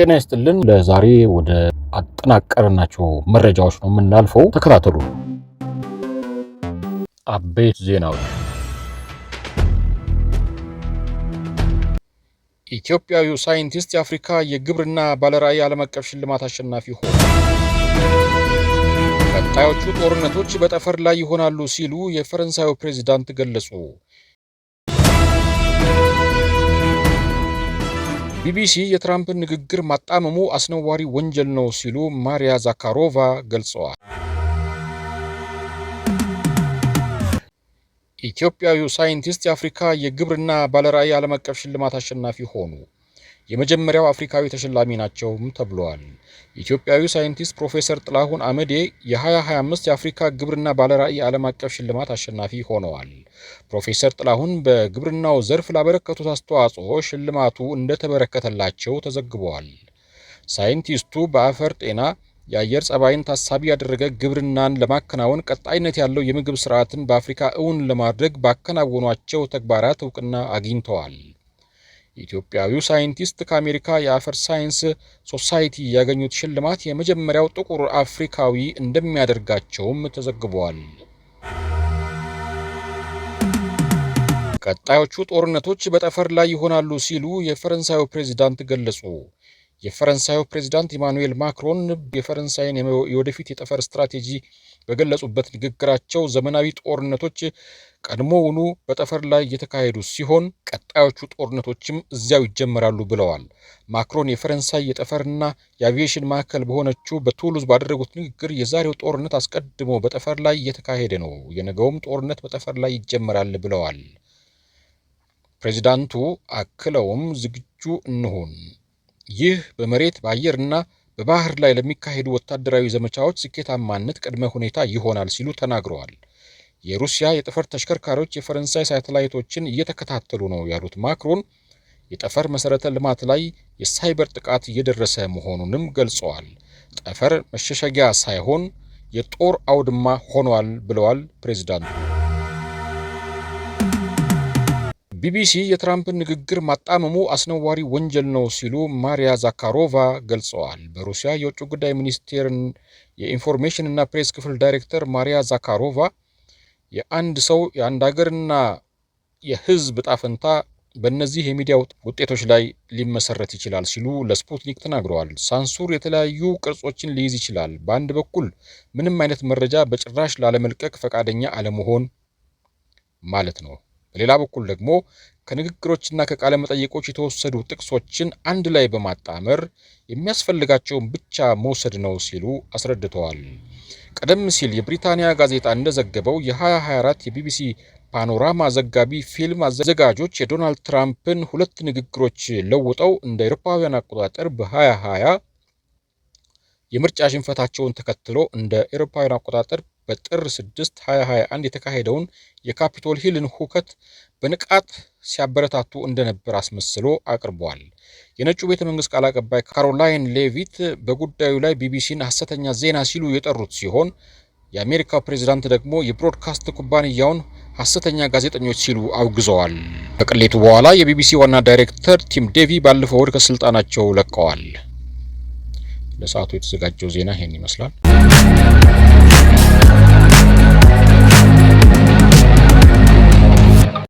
ጤና ይስጥልን። ለዛሬ ወደ አጠናቀርናቸው መረጃዎች ነው የምናልፈው። ተከታተሉ። አበይት ዜናዎች ኢትዮጵያዊ ሳይንቲስት የአፍሪካ የግብርና ባለራዕይ ዓለም አቀፍ ሽልማት አሸናፊ ሆነ። ቀጣዮቹ ጦርነቶች በጠፈር ላይ ይሆናሉ ሲሉ የፈረንሳዩ ፕሬዚዳንት ገለጹ። ቢቢሲ የትራምፕን ንግግር ማጣመሙ አስነዋሪ ወንጀል ነው ሲሉ ማሪያ ዛካሮቫ ገልጸዋል። ኢትዮጵያዊው ሳይንቲስት የአፍሪካ የግብርና ባለራዕይ ዓለም አቀፍ ሽልማት አሸናፊ ሆኑ። የመጀመሪያው አፍሪካዊ ተሸላሚ ናቸውም ተብሏል። ኢትዮጵያዊ ሳይንቲስት ፕሮፌሰር ጥላሁን አመዴ የ2025 የአፍሪካ ግብርና ባለራዕይ ዓለም አቀፍ ሽልማት አሸናፊ ሆነዋል። ፕሮፌሰር ጥላሁን በግብርናው ዘርፍ ላበረከቱት አስተዋጽኦ ሽልማቱ እንደተበረከተላቸው ተዘግበዋል። ሳይንቲስቱ በአፈር ጤና የአየር ጸባይን ታሳቢ ያደረገ ግብርናን ለማከናወን ቀጣይነት ያለው የምግብ ስርዓትን በአፍሪካ እውን ለማድረግ ባከናወኗቸው ተግባራት እውቅና አግኝተዋል። ኢትዮጵያዊው ሳይንቲስት ከአሜሪካ የአፈር ሳይንስ ሶሳይቲ ያገኙት ሽልማት የመጀመሪያው ጥቁር አፍሪካዊ እንደሚያደርጋቸውም ተዘግቧል። ቀጣዮቹ ጦርነቶች በጠፈር ላይ ይሆናሉ ሲሉ የፈረንሳዩ ፕሬዚዳንት ገለጹ። የፈረንሳዩ ፕሬዚዳንት ኢማኑኤል ማክሮን የፈረንሳይን የወደፊት የጠፈር ስትራቴጂ በገለጹበት ንግግራቸው ዘመናዊ ጦርነቶች ቀድሞውኑ በጠፈር ላይ የተካሄዱ ሲሆን ቀጣዮቹ ጦርነቶችም እዚያው ይጀመራሉ ብለዋል። ማክሮን የፈረንሳይ የጠፈርና የአቪዬሽን ማዕከል በሆነችው በቱሉዝ ባደረጉት ንግግር የዛሬው ጦርነት አስቀድሞ በጠፈር ላይ እየተካሄደ ነው፣ የነገውም ጦርነት በጠፈር ላይ ይጀመራል ብለዋል። ፕሬዚዳንቱ አክለውም ዝግጁ እንሁን፣ ይህ በመሬት በአየርና በባህር ላይ ለሚካሄዱ ወታደራዊ ዘመቻዎች ስኬታማነት ቅድመ ሁኔታ ይሆናል ሲሉ ተናግረዋል። የሩሲያ የጠፈር ተሽከርካሪዎች የፈረንሳይ ሳተላይቶችን እየተከታተሉ ነው ያሉት ማክሮን የጠፈር መሠረተ ልማት ላይ የሳይበር ጥቃት እየደረሰ መሆኑንም ገልጸዋል። ጠፈር መሸሸጊያ ሳይሆን የጦር አውድማ ሆኗል ብለዋል ፕሬዚዳንቱ። ቢቢሲ የትራምፕን ንግግር ማጣመሙ አስነዋሪ ወንጀል ነው ሲሉ ማሪያ ዛካሮቫ ገልጸዋል። በሩሲያ የውጭ ጉዳይ ሚኒስቴርን እና ፕሬስ ክፍል ዳይሬክተር ማሪያ ዛካሮቫ የአንድ ሰው የአንድ ሀገርና የሕዝብ ጣፈንታ በእነዚህ የሚዲያ ውጤቶች ላይ ሊመሰረት ይችላል ሲሉ ለስፑትኒክ ተናግረዋል። ሳንሱር የተለያዩ ቅርጾችን ሊይዝ ይችላል። በአንድ በኩል ምንም አይነት መረጃ በጭራሽ ላለመልቀቅ ፈቃደኛ አለመሆን ማለት ነው። በሌላ በኩል ደግሞ ከንግግሮችና ከቃለ መጠይቆች የተወሰዱ ጥቅሶችን አንድ ላይ በማጣመር የሚያስፈልጋቸውን ብቻ መውሰድ ነው ሲሉ አስረድተዋል። ቀደም ሲል የብሪታንያ ጋዜጣ እንደዘገበው የ2024 የቢቢሲ ፓኖራማ ዘጋቢ ፊልም አዘጋጆች የዶናልድ ትራምፕን ሁለት ንግግሮች ለውጠው እንደ አውሮፓውያን አቆጣጠር በ2020 የምርጫ ሽንፈታቸውን ተከትሎ እንደ አውሮፓውያን አቆጣጠር በጥር 6 2021 የተካሄደውን የካፒቶል ሂልን ሁከት በንቃት ሲያበረታቱ እንደነበር አስመስሎ አቅርቧል። የነጩ ቤተ መንግስት ቃል አቀባይ ካሮላይን ሌቪት በጉዳዩ ላይ ቢቢሲን ሐሰተኛ ዜና ሲሉ የጠሩት ሲሆን የአሜሪካው ፕሬዝዳንት ደግሞ የብሮድካስት ኩባንያውን ሐሰተኛ ጋዜጠኞች ሲሉ አውግዘዋል። ከቅሌቱ በኋላ የቢቢሲ ዋና ዳይሬክተር ቲም ዴቪ ባለፈው ወድ ከስልጣናቸው ለቀዋል። ለሰዓቱ የተዘጋጀው ዜና ይህን ይመስላል።